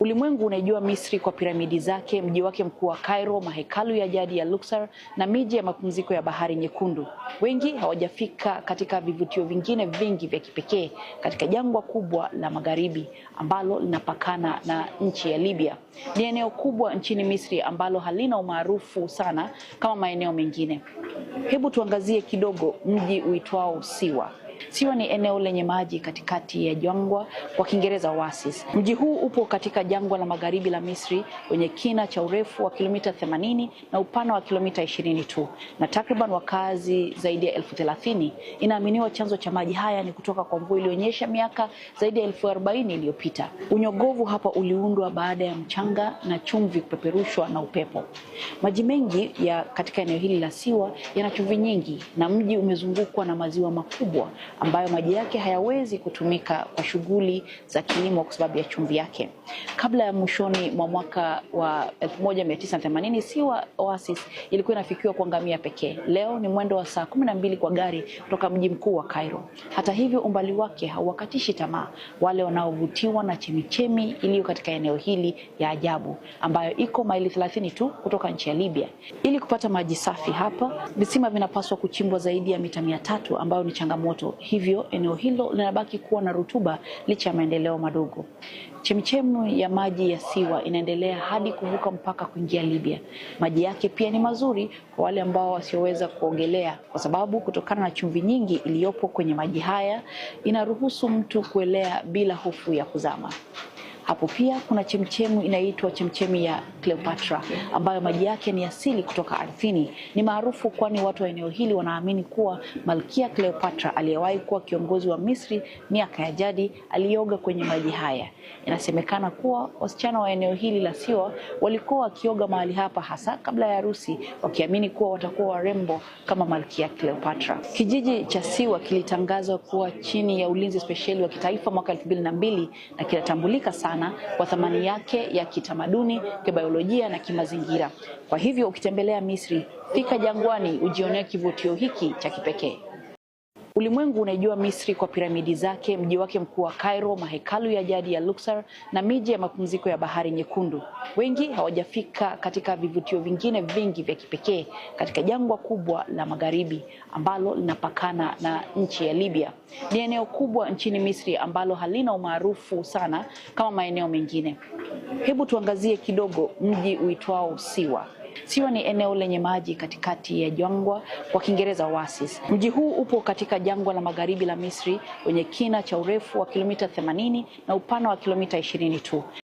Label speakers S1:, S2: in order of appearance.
S1: Ulimwengu unaijua Misri kwa piramidi zake, mji wake mkuu wa Cairo, mahekalu ya jadi ya Luxor na miji ya mapumziko ya Bahari Nyekundu. Wengi hawajafika katika vivutio vingine vingi vya kipekee katika jangwa kubwa la magharibi ambalo linapakana na nchi ya Libya. Ni eneo kubwa nchini Misri ambalo halina umaarufu sana kama maeneo mengine. Hebu tuangazie kidogo mji uitwao Siwa. Siwa ni eneo lenye maji katikati ya jangwa, kwa Kiingereza oasis. Mji huu upo katika jangwa la magharibi la Misri wenye kina cha urefu wa kilomita 80 na upana wa kilomita 20 tu na takriban wakazi zaidi ya elfu thelathini. Inaaminiwa chanzo cha maji haya ni kutoka kwa mvua iliyonyesha miaka zaidi ya elfu arobaini iliyopita. Unyogovu hapa uliundwa baada ya mchanga na chumvi kupeperushwa na upepo. Maji mengi ya katika eneo hili la Siwa yana chumvi nyingi na mji umezungukwa na maziwa makubwa ambayo maji yake hayawezi kutumika kwa shughuli za kilimo kwa sababu ya chumvi yake. Kabla ya mwishoni mwa mwaka wa 1980 Siwa Oasis ilikuwa inafikiwa kwa ngamia pekee. Leo ni mwendo wa saa 12 kwa gari kutoka mji mkuu wa Cairo. Hata hivyo, umbali wake hauwakatishi tamaa wale wanaovutiwa na chemichemi iliyo katika eneo hili ya ajabu ambayo iko maili 30 tu kutoka nchi ya Libya. Ili kupata maji safi hapa, visima vinapaswa kuchimbwa zaidi ya mita mia tatu ambayo ni changamoto hivyo eneo hilo linabaki kuwa na rutuba licha ya maendeleo madogo. Chemchemu ya maji ya Siwa inaendelea hadi kuvuka mpaka kuingia Libya. Maji yake pia ni mazuri kwa wale ambao wasioweza kuogelea, kwa sababu kutokana na chumvi nyingi iliyopo kwenye maji haya inaruhusu mtu kuelea bila hofu ya kuzama. Hapo pia kuna chemchemu inaitwa chemchemi ya Cleopatra ambayo maji yake ni asili kutoka ardhini. Ni maarufu kwani watu wa eneo hili wanaamini kuwa Malkia Cleopatra aliyewahi kuwa kiongozi wa Misri miaka ya jadi alioga kwenye maji haya. Inasemekana kuwa wasichana wa eneo hili la Siwa walikuwa wakioga mahali hapa hasa kabla ya harusi, wakiamini kuwa watakuwa warembo kama Malkia Cleopatra. Kijiji cha Siwa kilitangazwa kuwa chini ya ulinzi spesheli wa kitaifa mwaka elfu mbili na mbili na kinatambulika sana sana kwa thamani yake ya kitamaduni, kibiolojia na kimazingira. Kwa hivyo ukitembelea Misri, fika jangwani ujionee kivutio hiki cha kipekee. Ulimwengu unaijua Misri kwa piramidi zake, mji wake mkuu wa Cairo, mahekalu ya jadi ya Luxor na miji ya mapumziko ya Bahari Nyekundu. Wengi hawajafika katika vivutio vingine vingi vya kipekee katika jangwa kubwa la magharibi ambalo linapakana na nchi ya Libya. Ni eneo kubwa nchini Misri ambalo halina umaarufu sana kama maeneo mengine. Hebu tuangazie kidogo mji uitwao Siwa. Siwa ni eneo lenye maji katikati ya jangwa, kwa Kiingereza oasis. Mji huu upo katika jangwa la magharibi la Misri wenye kina cha urefu wa kilomita 80 na upana wa kilomita 20 tu.